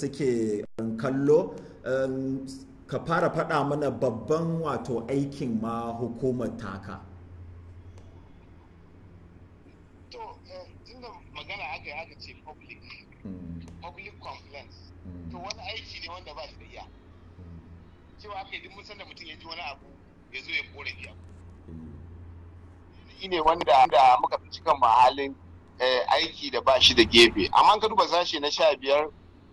suke um, kallo um, ka fara faɗa mana babban wato aikin ma hukumar taka to tunda eh, magana aka yi aka ce public hmm. public complaints hmm. to wani aiki ne wanda ba shi da iya hmm. cewa aka yi duk da mutum ya ji wani abu ya zo ya korafi abu ne wanda muka fi cikin mahalin eh, aiki da ba shi da gefe amma ka duba sashe na sha biyar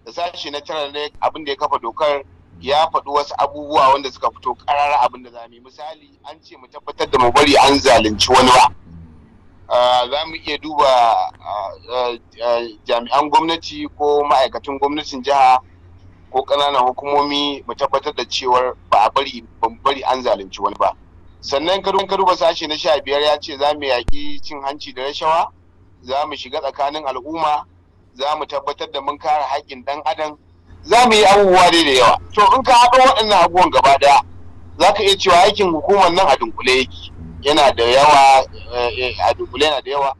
Da sashi na tara ne abin da ya kafa dokar ya faɗi wasu abubuwa wanda suka fito karara abin da zamu yi misali an ce mu tabbatar da mu bari an zalunci wani ba za mu iya duba jami'an gwamnati ko ma'aikatan gwamnatin jiha ko ƙananan hukumomi mu tabbatar da cewar ba a bari bari an zalunci wani ba sannan karu ba sashe na sha biyar ya ce za mu yaƙi cin hanci da rashawa za mu shiga tsakanin al'umma za mu tabbatar da mun kare haƙƙin ɗan adam za mu yi abubuwa dai da yawa to in ka haɗo waɗannan abubuwan gaba ɗaya za ka iya cewa aikin hukumar nan a dunkule yake yana da yawa eh, a dunkule yana da yawa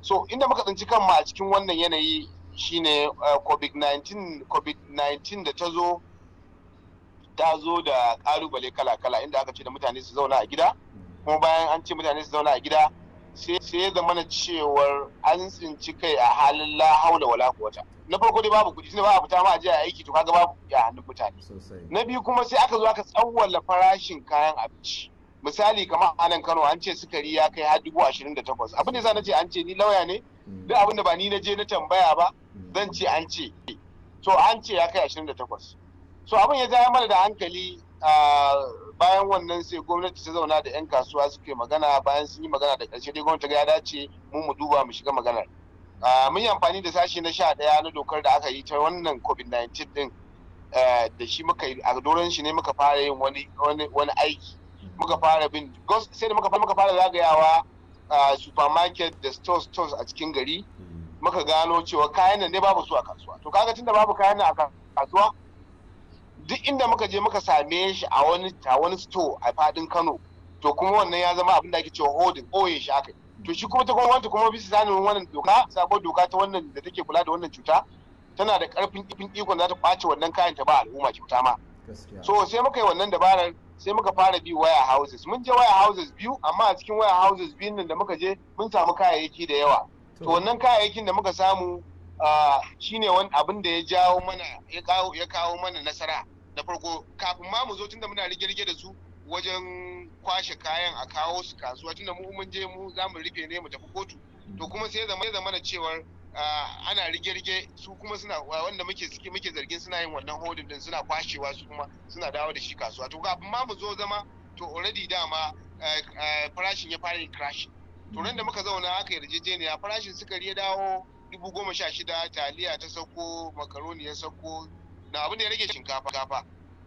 so inda muka tsinci kanmu a cikin wannan yanayi shine covid-19 eh, covid-19 da ta zo ta zo da ƙalubale kala-kala inda aka ce da mutane su zauna a gida kuma bayan an ce mutane su zauna a gida sai ya zama na cewar an tsinci kai a halin la haula wala quwata na farko dai babu kuɗi ba a fita ma a je a aiki to kaga babu kuɗi a hannun mutane na biyu kuma sai aka zo aka tsawwala farashin kayan abinci misali kamar a nan Kano an ce sukari ya kai har dubu ashirin da takwas abin da na ce an ce ni lauya ne hmm. duk abin da ba ni na je na tambaya ba hmm. zan ce an ce to an ce ya kai ashirin da takwas so abin ya zama mana da hankali ah, bayan wannan sai gwamnati ta zauna da 'yan kasuwa suke magana bayan sun yi magana da ƙarshe dai gwamnati ya dace mu mu duba mu shiga maganar mun yi amfani da sashi na sha ɗaya na dokar da aka yi ta wannan covid-19 din e, da shi muka yi a doron shi ne muka fara yin wani aiki muka fara bin sai da muka fara zagayawa supermarket da stores stores a cikin gari hmm. muka gano cewa kayan nan ne babu su a kasuwa to kaga tunda babu kayan nan a kasuwa duk inda muka je muka same shi a wani a wani store a fadin Kano to kuma wannan ya zama abin da ake cewa holding oye shi aka to shi kuma ta gwamnati kuma bisa sanin wannan doka sabon doka ta wannan da take kula da wannan cuta tana da karfin ifin ikon za ta kwace wannan kayan ta ba al'umma kyauta ma so sai muka yi wannan dabarar sai muka fara bi waya houses mun je waya houses biyu amma a cikin waya houses biyun nan da muka je mun samu kayayyaki da yawa to wannan kayayyakin da muka samu ah, shine wani abin da ya jawo mana ya kawo mana nasara na farko kafin ma mu zo tunda muna rige-rige da su wajen kwashe kayan a kawo su kasuwa tunda mu mun je mu za mu rufe ne mu tafi kotu to kuma sai zama zama da cewar ana rige-rige su kuma suna wanda muke suke muke zargin suna yin wannan hodin din suna kwashewa su kuma suna dawo da shi kasuwa to kafin ma mu zo zama to already dama farashin ya fara yin crash to nan da muka zauna aka yarjejeniya farashin sukari ya dawo dubu goma sha shida taliya ta sauko makaroni ya sauko na abin da ya rage shinkafa gafa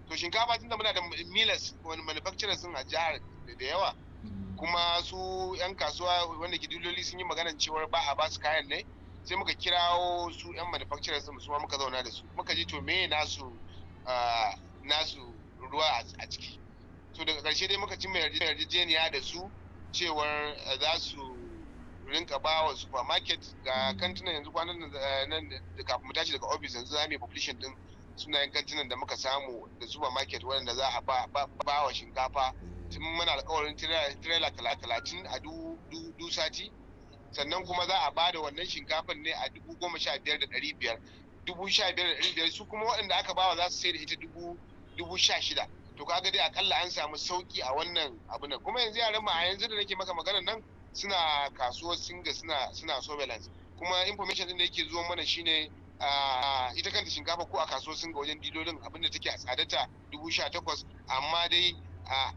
to shinkafa tunda muna da milas wani manufacturer sun a jihar da yawa mm. kuma su yan kasuwa wanda ke sun yi maganar cewar ba a basu kayan ne sai muka kirawo su yan manufacturer sun musamman muka zauna da su muka ji to me nasu nasu ruwa a ciki to daga karshe dai muka cimma yarjejeniya da su cewar eh, za su rinka ba wa supermarket ga mm. kantunan yanzu kwanan eh, nan da kafin mu tashi daga office yanzu za mu yi population din suna yin kantinan da muka samu da supermarket waɗanda za a ba wa shinkafa tun muna alkawarin tirela talatin a du sati sannan kuma za a ba da wannan shinkafan ne a dubu goma sha biyar da ɗari biyar dubu sha biyar da ɗari biyar su kuma waɗanda aka bawa za su sai da ita dubu sha shida to kaga dai akalla an samu sauki a wannan abu nan kuma yanzu yaran ma a yanzu da nake maka maganar nan suna kasuwar singa suna suna surveillance kuma information din da yake zuwa mana shine ita kanta shinkafa ko a kasuwar ga wajen dilolin abinda take a tsadata dubu sha takwas amma dai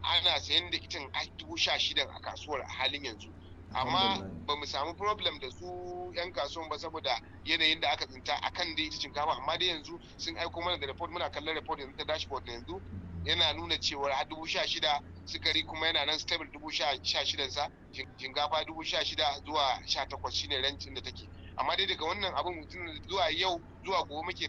ana sayan da itin dubu sha shidan a kasuwar a halin yanzu amma ba mu samu problem da su yan kasuwan ba saboda yanayin da aka tsinta akan dai ita shinkafa amma dai yanzu sun aiko mana da report muna kallon report yanzu ta dashboard yanzu yana nuna cewar har dubu sha shida sukari kuma yana nan stable dubu sha shidansa shinkafa dubu sha shida zuwa sha takwas shine rancin da take amma dai daga wannan abin zuwa yau zuwa gobe muke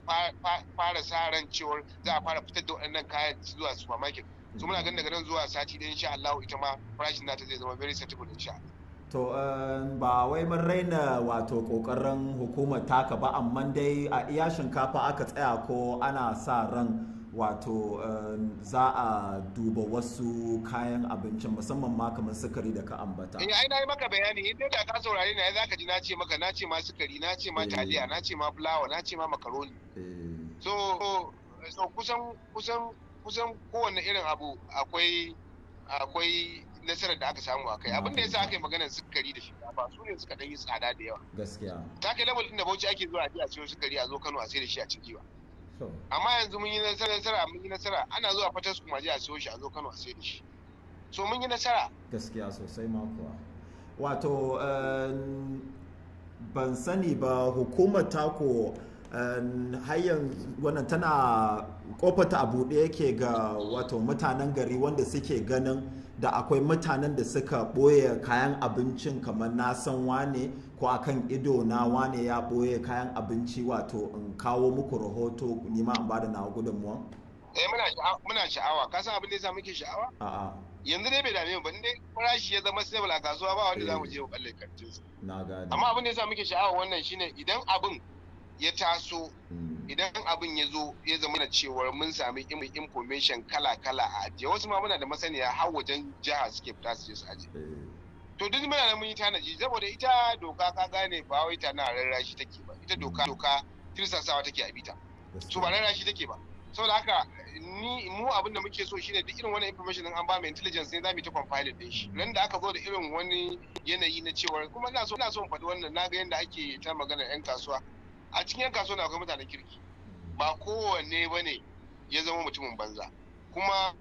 fara sa ran cewar za a fara fitar da waɗannan kayan zuwa supermarket so muna ganin daga nan zuwa sati ɗaya insha Allah ita ma farashin nata zai zama very sensible insha Allah to eh, ba wai mun raina wato kokarin hukumar taka ba amma dai a iya shinkafa aka tsaya ko ana sa ran wato eh, za a duba wasu kayan abincin musamman ma kamar sukari da ka ambata. Eh ai na yi maka bayani in dai da ka saurare na za ka ji na ce maka na ce ma sukari na ce ma eh. taliya na ce ma fulawa na ce ma makaroni. Eh. So so kusan kusan kusan kowanne irin abu akwai akwai nasarar da aka samu akai abin da yasa aka yi maganar sukari da shinkafa su ne suka dan yi tsada da yawa gaskiya ta kai level din da bauchi ake zuwa a ji a siyo sukari a zo Kano a sai da shi a cikin giwa amma yanzu mun yi nasara nasara mun yi nasara ana zuwa su kuma je a siyo shi a zo Kano a sayar shi so mun yi nasara gaskiya sosai ma kuwa wato eh, ban sani ba hukumar tako eh, har hayan wannan tana ta abu buɗe yake ga wato mutanen gari wanda suke ganin da akwai mutanen da suka ɓoye kayan abincin kamar na san wane ko akan ido na wane ya ɓoye kayan abinci wato in kawo muku rahoto ni ma in bada na gudunmuwa? Eh muna sha'awa ka san abin da yasa muke sha'awa? A'a. Yanzu dai bai dame mu ba dai farashi ya zama stable a kasuwa ba wanda zamu je mu kalle kantin. Na gane. Amma abin da yasa muke sha'awa wannan shine idan abin ya taso hmm. idan abin ya zo ya zama na cewar mun sami information kala-kala a ajiye wasu ma muna da masaniya har wajen jiha suke fita su je su aje. Eh. to duk muna da mun yi tanaji saboda ita doka ka gane ba wai ta na rarrashi take ba ita doka doka tirsasawa take a bita so ba rarrashi take ba saboda haka ni mu abin da muke so shine duk irin wani information din an ba mu intelligence ne zamu ta compile din shi nan da aka zo da irin wani yanayi na cewa kuma ina so ina so in faɗi wannan naga yanda ake ta magana yan kasuwa a cikin yan kasuwa akwai mutanen kirki ba kowanne ba ne ya zama mutumin banza kuma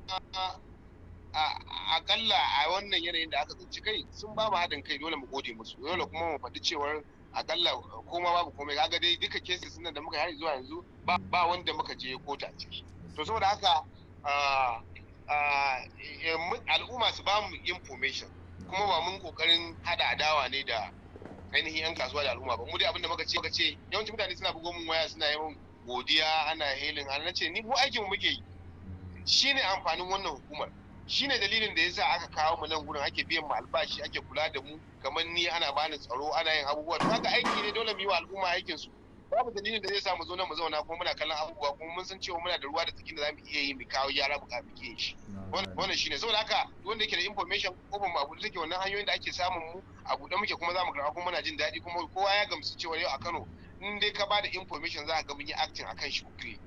akalla a wannan yanayin da aka tsinci kai sun ba mu haɗin kai dole mu gode musu dole kuma mu faɗi cewar akalla koma babu komai kaga dai duka kesi nan da muka yi zuwa yanzu ba wanda muka je kota ciki to saboda haka al'umma su ba mu information kuma ba mun kokarin hada adawa ne da ainihin yan kasuwa da al'umma ba mu dai da muka ce muka ce yawancin mutane suna bugo mun waya suna yawan godiya ana helin ana ce ni mu aikin mu muke yi shine amfanin wannan hukumar shine dalilin da yasa aka kawo mu nan gurin ake biyan mu albashi ake kula da mu kamar ni ana bani tsaro ana yin abubuwa to haka aiki ne dole mu yi wa al'umma aikin su babu dalilin da zai samu zo nan mu zauna kuma muna kallon abubuwa kuma mun san cewa muna da ruwa da tsakin da za mu iya yi mu kawo yara mu kafi ke shi wannan shine saboda haka wanda yake da information kofin mu a take wannan hanyoyin da ake samun mu a buɗe muke kuma za mu karɓa kuma muna jin daɗi kuma kowa ya gamsu cewa yau a Kano in dai ka ba da information za a ga mun yi acting akan shi kire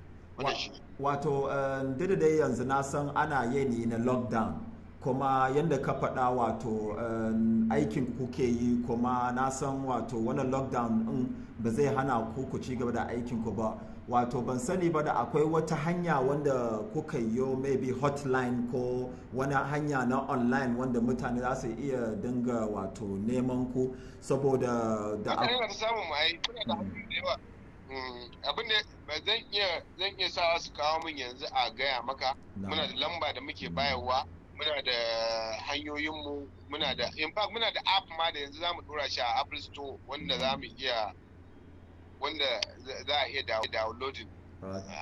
wato eh, dai da yanzu na san ana ne na lockdown kuma yadda ka faɗa wato um, aikin kuke yi kuma na san wato wani lockdown in ba zai hana ku ku ci gaba da aikin ku ba wato ban sani ba da akwai wata hanya wanda kuka yi maybe hotline ko wani hanya na online wanda mutane za su iya dinga wato neman ku saboda da mm, abin da zan iya sa su kawo min yanzu a gaya maka muna da lamba da muke bayarwa muna da hanyoyinmu muna da in fact muna da app ma da yanzu za mu dora shi a apple store wanda mm-hmm. za mu iya wanda za a iya downloading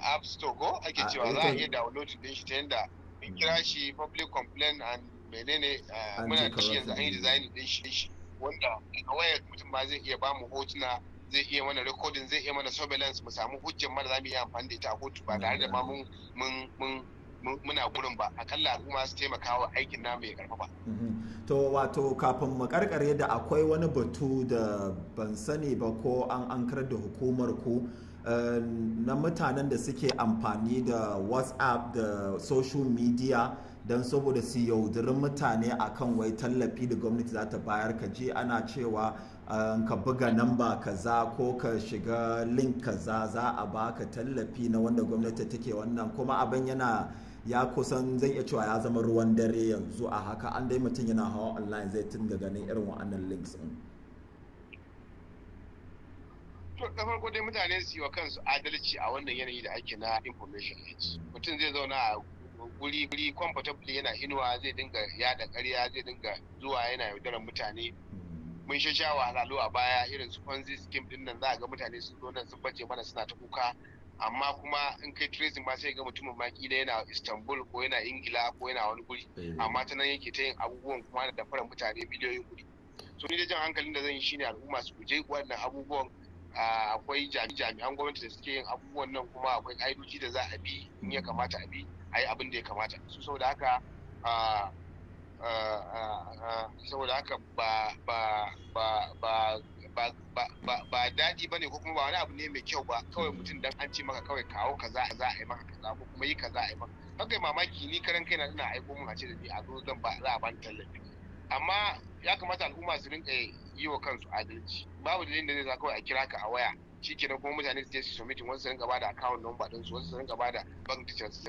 app store ko ake ah, cewa za a iya downloading din shi ta yanda in kira mm-hmm. shi public complaint and menene eh, muna da shi yanzu an yi design din shi wanda a wayar mutum ma zai iya ba mu hotuna zai iya mana recording zai iya mana surveillance mu samu hujjar mara za mu iya amfani da ita a kotu ba tare da ma mm-hmm. mun muna gurin ba akalla al'umma su taimaka wa aikin namu ya karfafa mm-hmm. to wato kafin mu karkare da akwai wani batu da ban sani ba ko an ankar da hukumar ku eh, na mutanen da suke amfani da whatsapp da social media don saboda su yaudurin mutane akan wai tallafi da gwamnati za ta bayar ka je ana cewa eh, ka buga namba kaza ko ka shiga link kaza za a baka tallafi na wanda gwamnati take wannan kuma abin yana ya kusan zan iya cewa ya zama ruwan dare yanzu a haka an dai mutum yana hawa online zai daga ganin irin wa'annan links din to da farko dai mutane su yi wa kansu adalci a wannan yanayi da ake na information age mutum zai zauna a guri guri comfortably yana inuwa zai dinga yada karya zai dinga zuwa yana yaudarar mutane mun sha sha a baya irin su ponzi scheme din nan za a ga mutane sun zo nan sun bace mana suna ta kuka amma kuma in kai tracing ma sai ga mutumin ma kila yana istanbul ko yana ingila ko yana wani guri amma ta nan yake ta yin abubuwan kuma da fara mutane miliyoyin guri so ni da jan hankalin da zan yi shine al'umma su guje wannan abubuwan akwai jami'an gwamnati da suke yin abubuwan nan kuma akwai ƙa'idoji da za a bi in ya kamata a bi a yi abin da ya kamata su saboda haka saboda haka ba ba ba ba daɗi ba ne ko kuma ba wani abu ne mai kyau ba kawai mutum dan an ce maka kawai kawo kaza za a yi maka kaza ko kuma yi kaza a yi maka haka mamaki ni karan kaina ina aiko mun a ce da ni a zo zan ba za a ban tallafi amma ya kamata al'umma su rinka yi wa kansu adalci babu dalilin da zai za kawai a kira ka a waya shikenan kuma mutane su je su submit wasu su rinka ba da account number din su wasu su rinka ba da bank details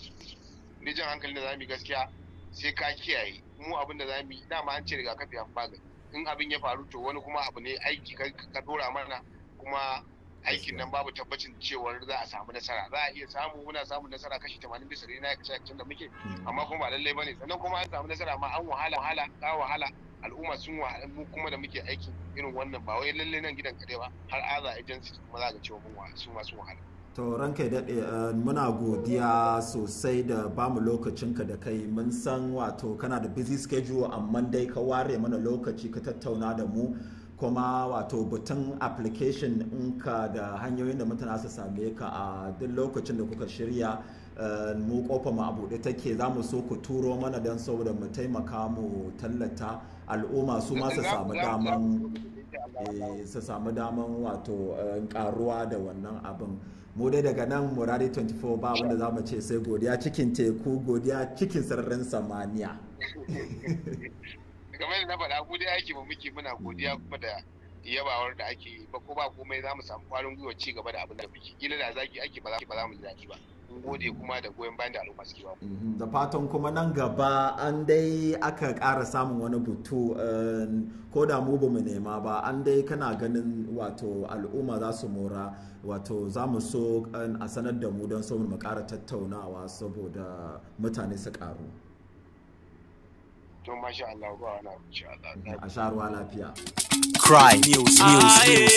ni jan hankali da zamu gaskiya sai ka kiyaye mu abin da zamu yi dama an ce rigakafi an magani in abin ya faru to wani kuma abu ne aiki ka dora mana kuma aikin nan babu tabbacin cewar za a samu nasara za a iya samu muna samun nasara kashi 80 bisa ɗari na kashi cikin da muke hmm. amma kuma ba lallai bane sannan kuma an samu nasara ma an wahala wahala ta wahala al'umma sun wahala mu kuma da muke aikin irin wannan ba wai lallai nan gidan kaɗai ba har aza agency kuma za ga cewa mun wahala su ma sun wahala to ranka ya daɗe eh, muna godiya sosai da bamu lokacinka da kai mun san wato kana da busy schedule amma dai ka ware mana lokaci ka tattauna da mu kuma wato batun application ɗinka da hanyoyin da mutane su same ka a duk lokacin da kuka shirya eh, mu kofa mu a buɗe take za mu so ku turo mana don saboda mu taimaka mu tallata al'umma su ma su samu daman eh, su samu daman wato karuwa da wannan abin mu dai daga nan murari 24 ba wanda za mu ce sai godiya cikin teku godiya cikin sararin samaniya kamar na faɗa ku dai aiki ba muke muna godiya kuma da yabawar da ake ba ko ba komai za mu samu kwarin gwiwa ci gaba da abin da muke kila da zaki ake ba za mu ji daɗi ba gode kuma da goyon bayan da al'umma suke ba mhm. da fatan kuma nan gaba an dai aka ƙara samun wani butu eh, ko da mu ba nema ba an dai kana ganin wato al'umma za su mora wato za mu so eh, a sanar da mu don saboda mu ƙara tattaunawa saboda mutane su ƙaru don masha Allah ba wani abu insha Allah mhm. a sharuwa lafiya cry news news news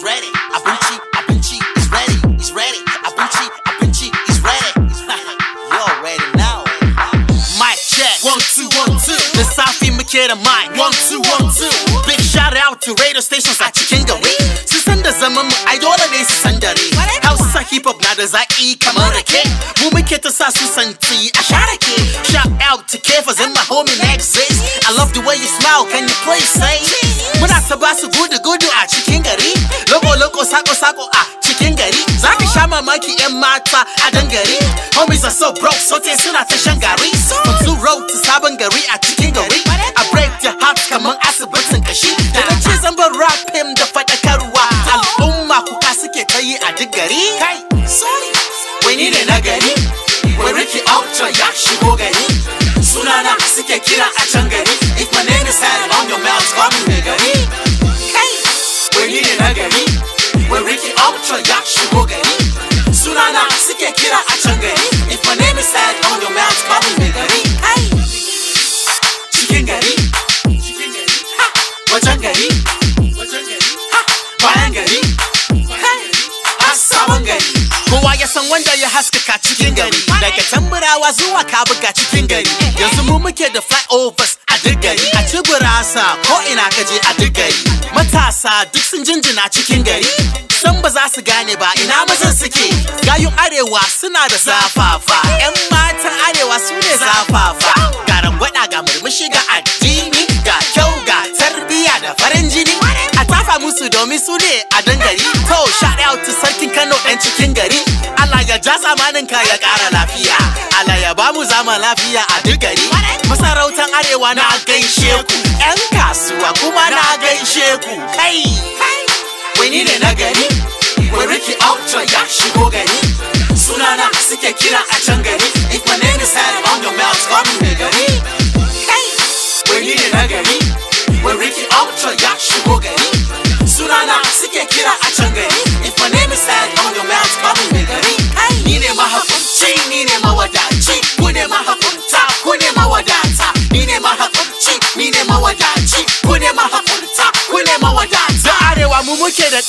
he's ready. I've been I've been he's ready, he's ready. I've been cheap, I've he's ready. you already know. Mic check, one, two, one, two. The Safi Makeda mic, one, two, one, two. Big shout out to radio stations at Chikingari. I do all mu a yola ne sandare. Hausa hip hop na da zaki kamar rake. Mu muke ta sa su santi a share I Shout out to Kefas and my homie Nexus. I love the way you smile, can you please say? Muna ta ba good, good, I a cikin sa a gangare Homies are so broke so they suna ta shan gari From Zoo Road to Sabangari, gari a cikin gari I break your heart, come on, hearts kaman asibitin kashi Da na ce zan bar rap him da faɗakarwa Al'umma kuka suke ta yi a duk gari Kai, sorry, we're wani ne na gari Wai Ricky Ultra ya shigo gari Sunana suke kira a can gari hawa zuwa ka buga cikin gari yanzu mu muke da flyovers a duk gari a ci burasa ko ina ka je a digari? matasa duk sun jinjina cikin gari san ba za su gane ba ina mazan suke gayun arewa suna da zafafa yan matan arewa su ne zafafa ga gwada ga murmushi ga addini ga kyau ga tarbiyya da farin jini a tafa musu domin su ne a dangari to shout out sarkin Kano ɗan cikin gari Allah ya ja zamanin ka ya ƙara lafiya Allah ya ba mu zama lafiya a duk gari masarautan arewa na gaishe ku yan kasuwa kuma na gaishe ku kai wani ne na gari wani ki ya shigo gari sunana suke kira a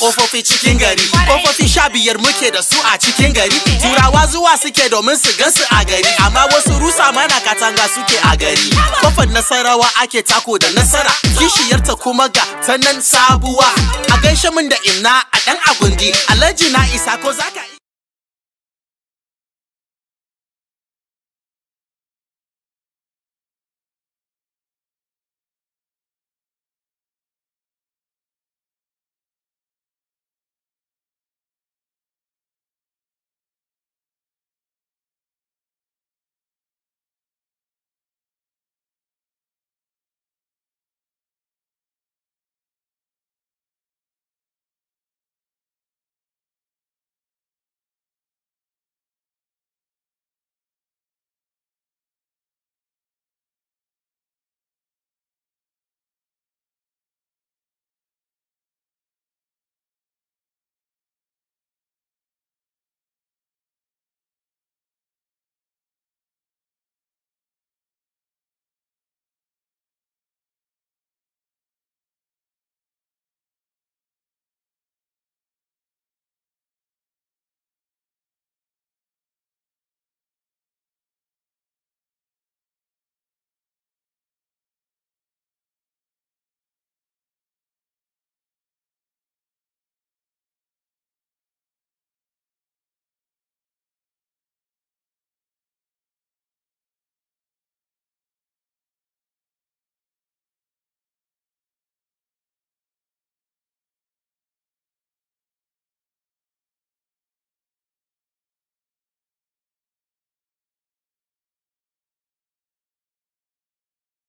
kofofi cikin gari kofofi sha biyar muke da su a cikin gari eh. turawa zuwa suke domin su gan su a gari amma wasu rusa mana katanga suke a gari kofar nasarawa ake tako da nasara kishiyarta kuma ga ta nan sabuwa a gaishe min da inna a dan agundi alhaji na isa ko zaka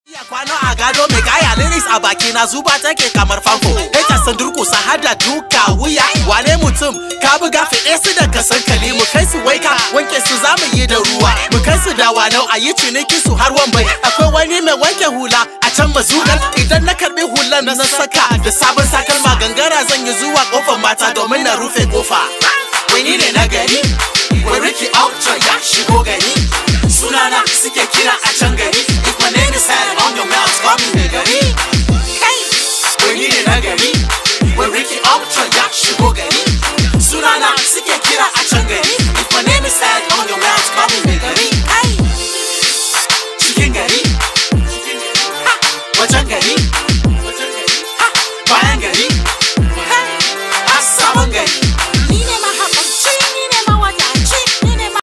Iya kwano a gado mai gaya lyrics a baki na zuba take kamar famfo Hater sun durkusa har da duka wuya wane mutum ka buga fiɗe su da kasan kali mu kai su waika wanke su zamu yi da ruwa mu kai su da wanau a yi ciniki su har wambai akwai wani mai wanke hula a can bazukan idan na karbi hulan na saka da sabon sakalma gangara zan yi zuwa kofar mata domin na rufe kofa